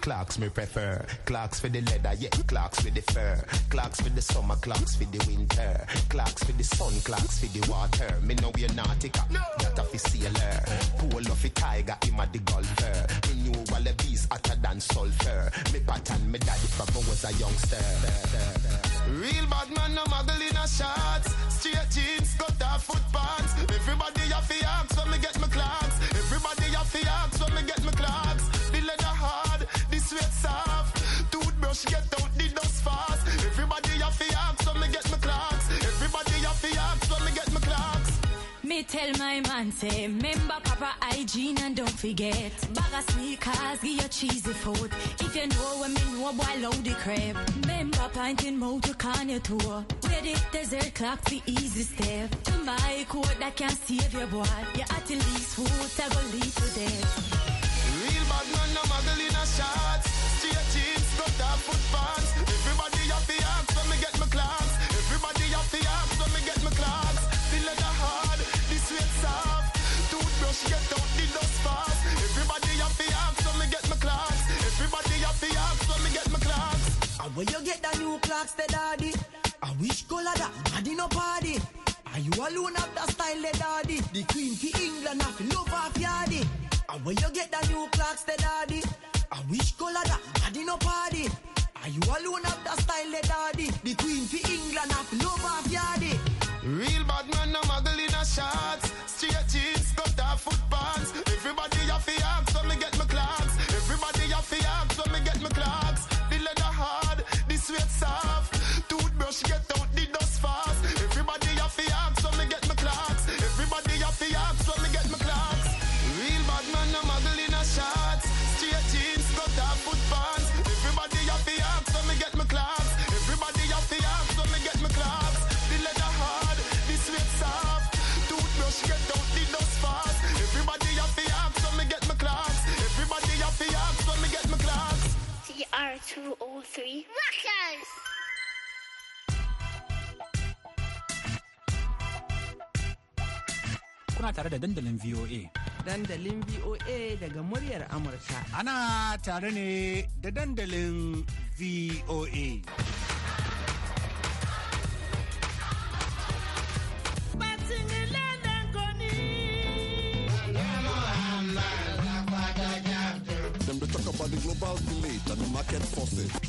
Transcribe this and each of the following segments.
Clarks me prefer. Clarks for the leather, yeah. Clarks for the fur. Clarks for the summer, Clarks for the winter. Clarks for the sun, Clarks for the water. Me know we're nautica, no. not a sailor. Pool of a tiger, him a the golfer. Me knew wallabies hotter than sulfur. Me pattern, me daddy from I was a youngster. Real bad man, no muggle in a shots. Straight jeans, got that foot pants. Everybody have to ask when me get my clarks. Everybody have to ask when me get my clarks off. Toothbrush get out the dust fast. Everybody have to ask when me get my clocks. Everybody have to ask when me get my clocks. Me tell my man say, remember proper hygiene and don't forget. Bag of sneakers, give your cheesy food. If you know when me know, boy, load the crap. Remember painting motor can your tour. Where the desert clock the easy step. To my court that can save your boy. You at least who I go lead to death. Real bad man, no muggle in a shots. Everybody have when me get my class. Everybody have when me get hard, the sweat soft. get out the dust Everybody have when me get Everybody have when me get where you get that new clocks, the daddy? I wish color that, daddy no party. Are you alone have style, the daddy? The queen for England, I love off yardy. And where you get that new clocks, the daddy? I wish color that daddy no party. Are you alone of the style the daddy? The queen for England of love of yardy. Real bad man no model in a shots. Straight jeans, cut off foot pants. Everybody off the axe when me get my clocks. Everybody off the axe when me get my clocks. The leather hard, the sweat soft. Toothbrush get down kuna tare da dandalin VOA. Dandalin VOA daga muryar Amurka. Ana tare ne da dandalin VOA. talk about the global elite and the market forces.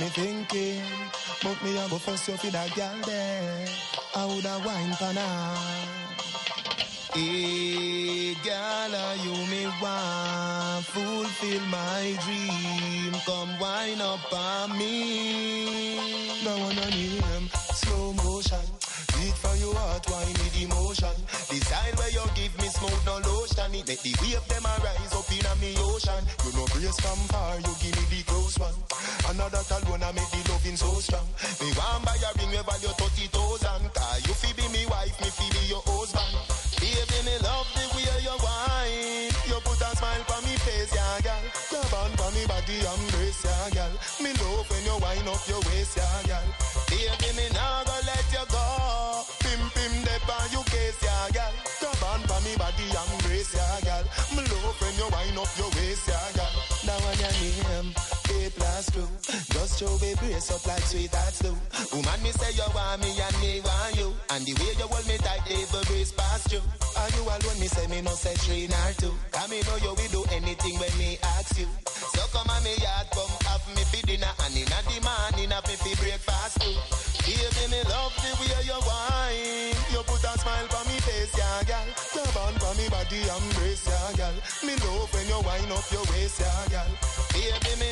me thinking. But me a go fuss you for that girl there. I woulda wine for now. Hey, girl, are you me want? Fulfill my dream. Come wine up on me. No one on him. Slow motion. Beat for your heart, wine with emotion. The style where you give me smooth no lotion It make the wave them a rise up in a me ocean You know grace from far, you give me the close one Another that alone I make the loving so strong Me want buy a ring where value 30,000 Cause you fi be me wife, me feel be your husband Baby, me love the way you wine You put a smile on me face, yeah, girl Grab on for me body, embrace, yeah, girl Me love when you wind up your waist, yeah, girl Baby, me nah go let you go right by you case, yeah, girl. Come on, for me body and grace, yeah, girl. My love friend, you wind up your waist, yeah, girl. Now I am way blast Just show way brace up like sweet hearts do. Woman, me say you want me and me want you. And the way you hold me tight, even breeze past you. Are you alone? Me say me no say three nor two. Cause me know you will do anything when me ask you. So come on me yard, come have me for dinner. And inna the morning, have me for breakfast too. Baby, me love the way you whine. You put a smile on me face, yeah, girl. Come on for me body, embrace, yeah, girl. Me love when you wind up your waist, yeah, girl. Baby, me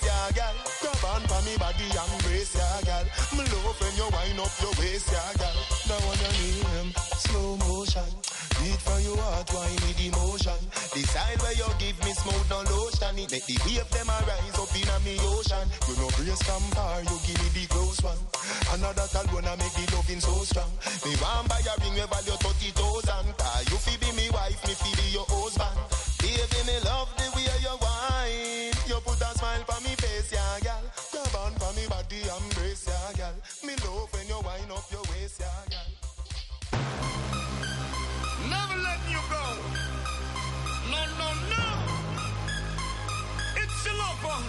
shape, yeah, girl. Grab on for me body and brace, ya girl. Me love when you wind up your waist, ya girl. Now on your name, slow motion. Beat for your heart, why need emotion? Decide where you give me smooth, no lotion. It make the wave them arise up in a me ocean. You know brace bar, you give me the close one. Another that gonna make the loving so strong. Me want buy a ring where value 30,000. thousand. Cause You fi be me wife, me fi be your husband. Baby, me love the me love when you wind up your waist, yeah, Never letting you go. No, no, no. It's your lover.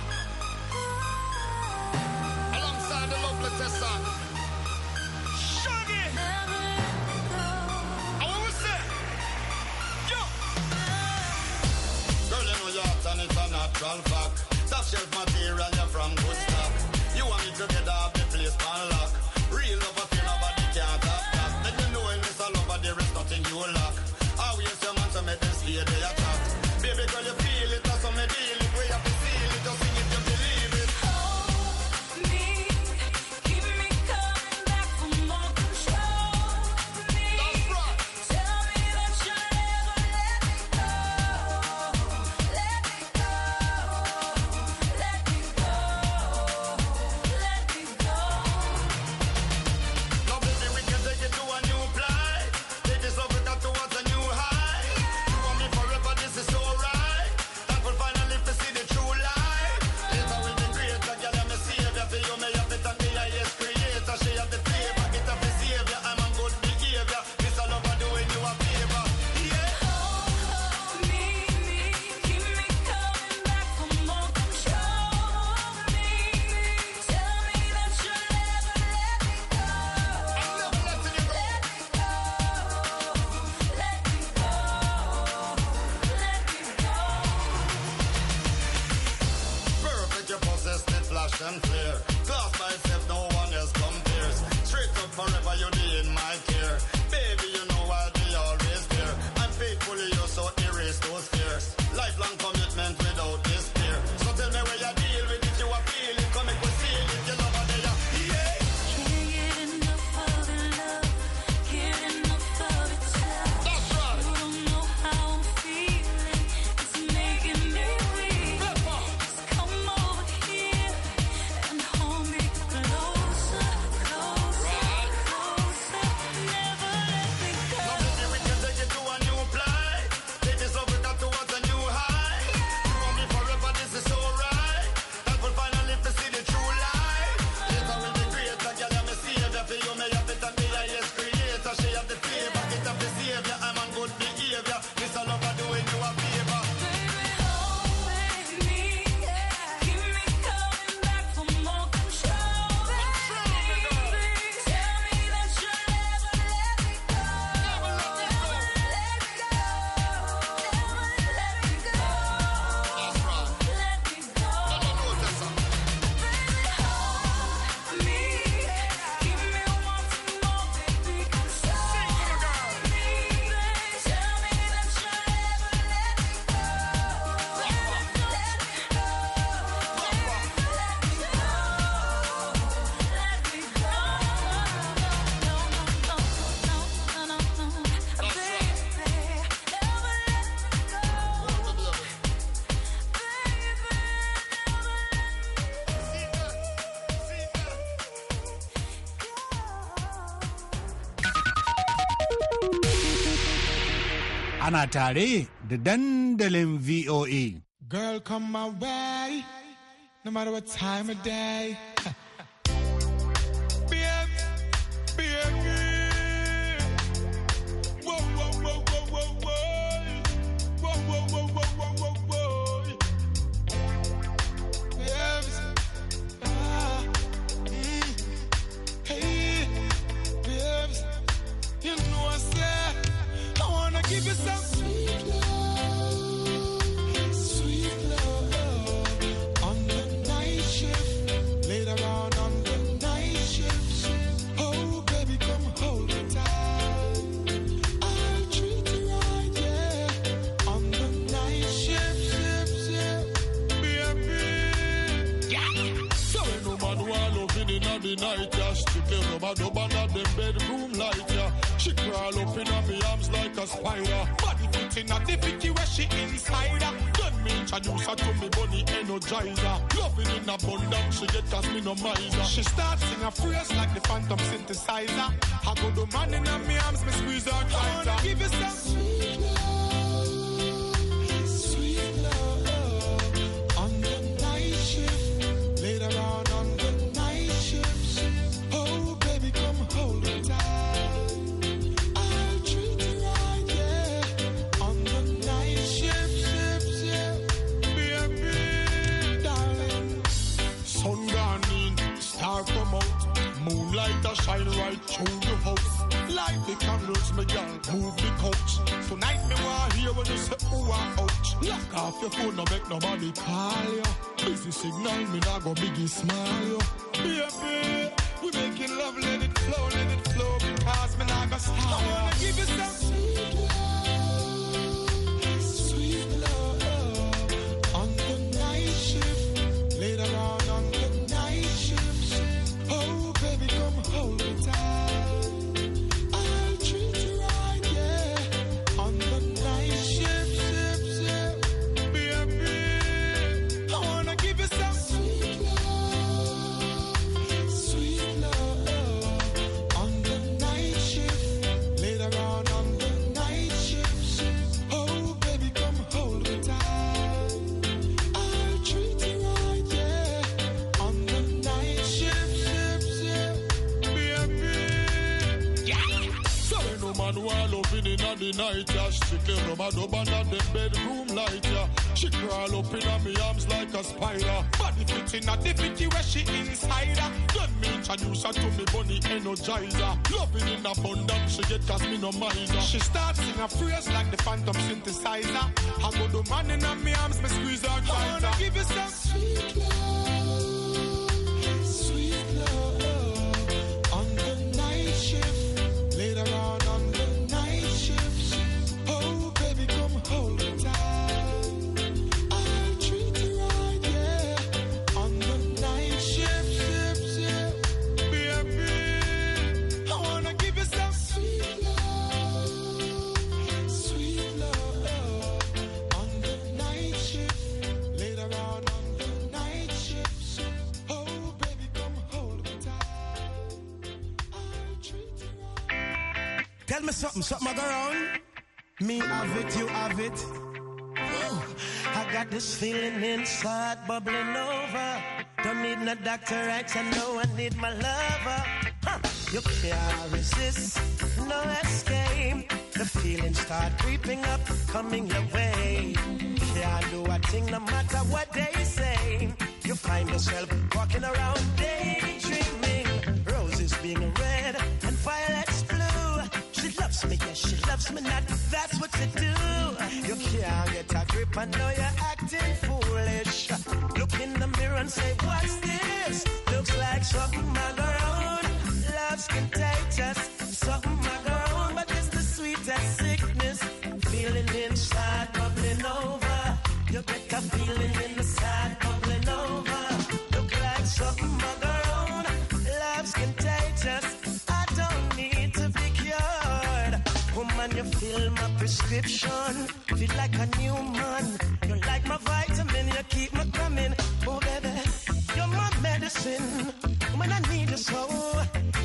Alongside the lovely Tessa. Shaggy. I want to say, yo. Girl, you know it's a natural fact. Soft shelf material. ana tare da dandalin VOA. Girl, come my way, no matter what time of day. give you some. wiser. Loving in abundance, she get us me no miser. She starts sing a phrase like the phantom synthesizer. I go the man in her me arms, me squeeze her tighter. I wanna give you some Your phone no make nobody call you. Busy signal, me not go biggie smile you. Baby. bedroom She crawl up in my arms like a spider. Body fit in a difficulty where she insider. Let me introduce her to me bunny energizer. Loving in abundance, she get cause no She starts in a phrase like the phantom synthesizer. I go the man in my arms, me squeeze her tighter. I wanna give you some sweet love. something, something I wrong. Me have it, you have it. I got this feeling inside bubbling over. Don't need no doctor, right? I know I need my lover. Huh. You can't resist, no escape. The feeling start creeping up, coming your way. Can't do a thing no matter what they say. You find yourself walking around daydreaming, roses being red loves me, yes, she loves me not. That's what you do. You can't get a grip, I know you're acting foolish. Look in the mirror and say, What's this? Looks like something I go on. Love's contagious, something I go on, but it's the sweetest sickness. Feeling inside, bubbling over. You get a feeling in the side, prescription. Feel like a new man. You are like my vitamin, you keep me coming. Oh, baby, you're my medicine. When I need you so,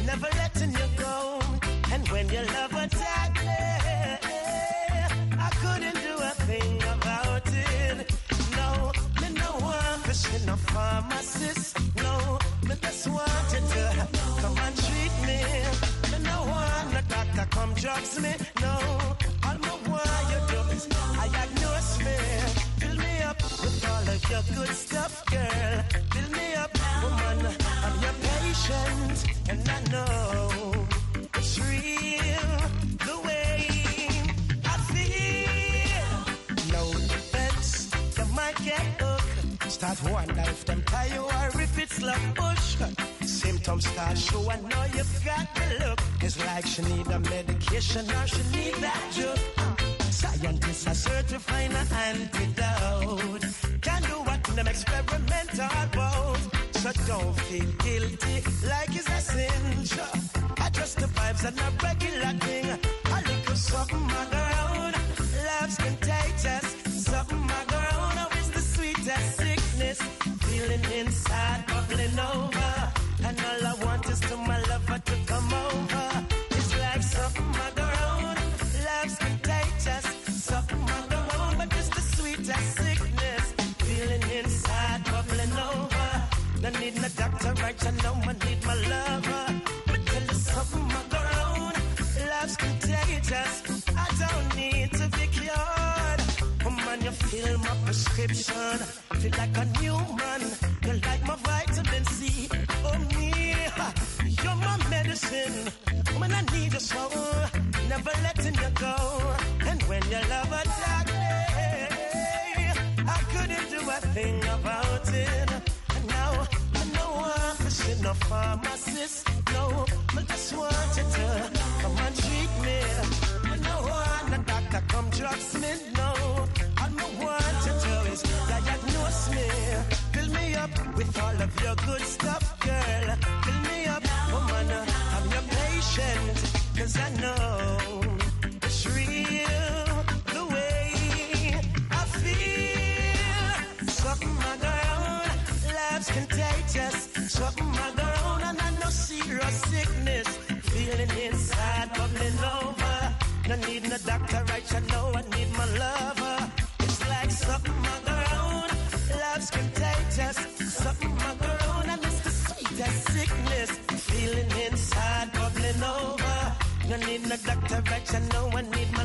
never letting you go. And when your love attacked me, I couldn't do a thing about it. No, me no one pushing a pharmacist. No, me just wanted to come and treat me. Me no one a doctor come drugs me. No. up, good stuff, girl. Fill me up, woman. I'm your patient, and I know it's real. The way I feel. No defense, you might get hooked. Start one life, then tie you or if it's love push. Symptoms start show, I know you've got to look. It's like she need a medication or she need that drug. Scientists are certifying an antidote. Can not them experimental bones. So don't feel guilty like it's a sin. I trust the vibes and a regular thing. A little something my girl, love's contagious. Something my girl, oh, is the sweetest sickness. Feeling inside, bubbling over. right know I need my lover. But Love's contagious. I don't need to be cured. Oh you fill my prescription. Feel like me no. I know what to do is diagnose me. Fill me up with all of your good stuff, girl. Fill me up, woman. I'm your patient, cause I know it's real. The way I feel. Something my girl, love's contagious. Something my girl, and I know sickness. Feeling inside, bubbling over. No need no doctor, right? You know need no doctor, right? I know I need my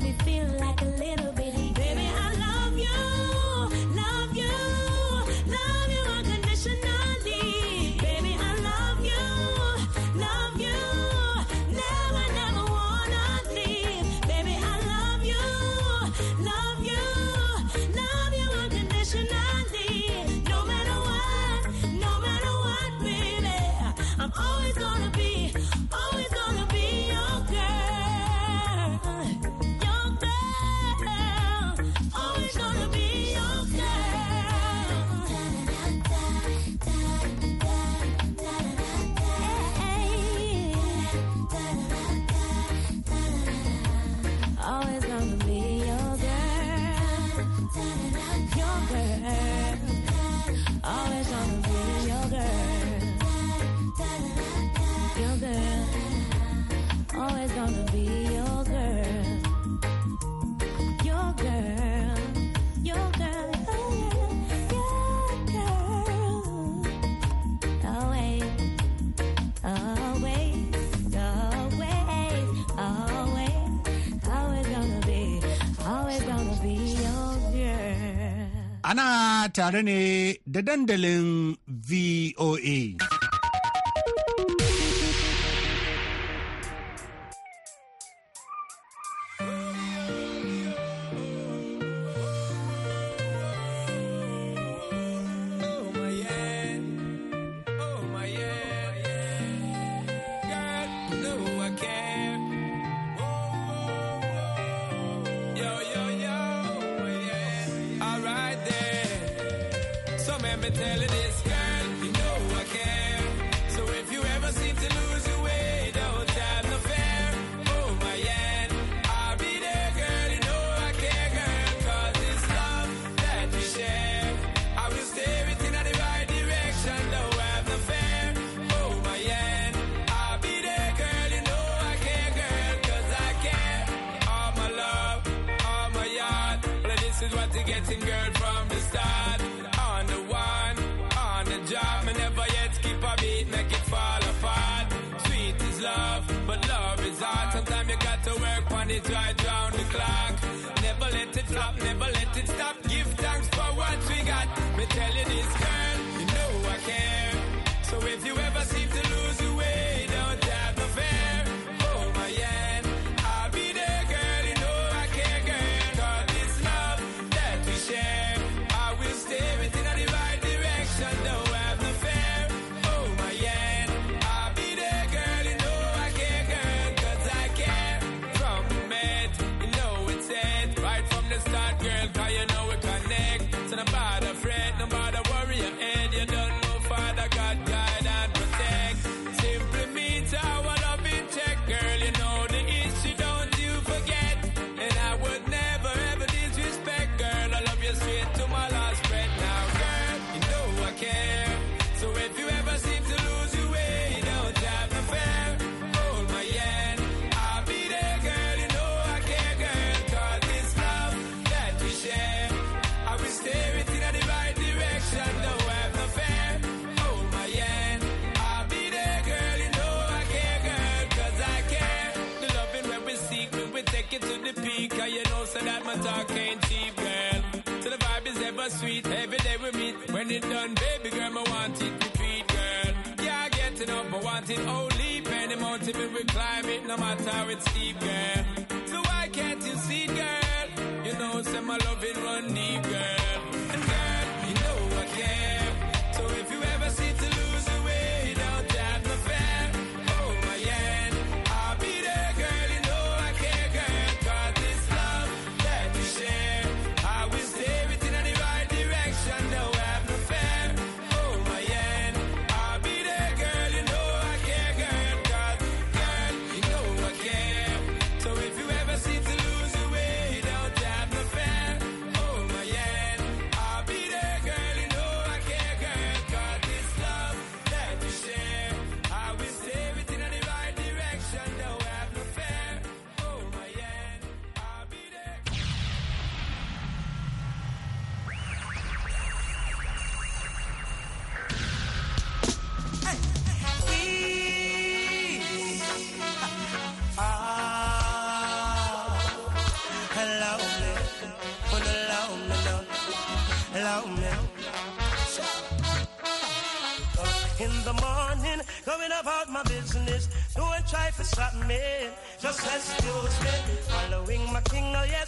make me feel gonna be your girl. Your girl. Your girl. Oh, yeah. Your girl. Always. Always. Always. Always. Always gonna be. Always gonna be your girl. Ana tare the da VOA. this. money drive round the clock. Never let it stop, never let it stop. Give thanks for what we got. Me tell you. this. but I can't cheap, girl. So the vibe is ever sweet, every day we meet. When it done, baby girl, I want it repeat, girl. Yeah, I get enough. up, I want it only. Penny mountain, if we climb it, no matter how it's steep, girl. So why can't you see, girl? You know, say my love it run deep, girl.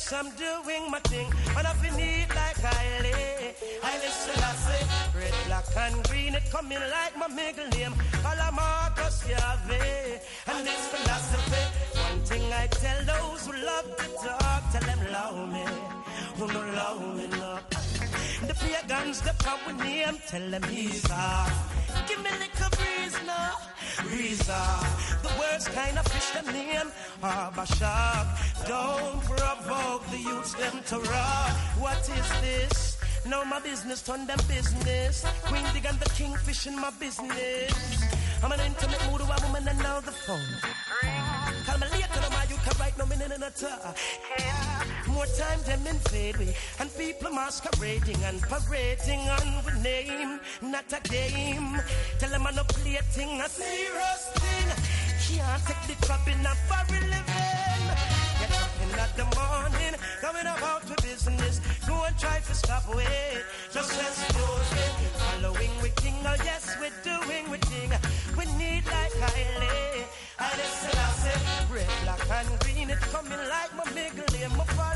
church, I'm doing my thing. And I've been neat like I lay. I listen, I say, red, black, and green, it coming like my middle name. All i Marcus Yahweh. And this philosophy, one thing I tell those who love to talk, tell them love me. Who no love me, no. The pagans, the power name, tell them he's off. Give me a little breeze no The worst kind of fish them name are shark. Don't provoke the youths them to rock. What is this? Now my business turn them business. Queen dig and the kingfish in my business. I'm an intimate mood of a woman and now the phone. Call me later Cause right now, me in a tour. More time them in me. And people masquerading and parading on with name. Not a game. Tell them I'm not playing a serious thing. Can't take the crap in a very living. Get up in the morning, going about the business. Go and try to stop it. Just let's close it. Following with king, oh yes, we're doing with thing. We need like I I just said I said red, black, and green. It's coming like my middle name, my father.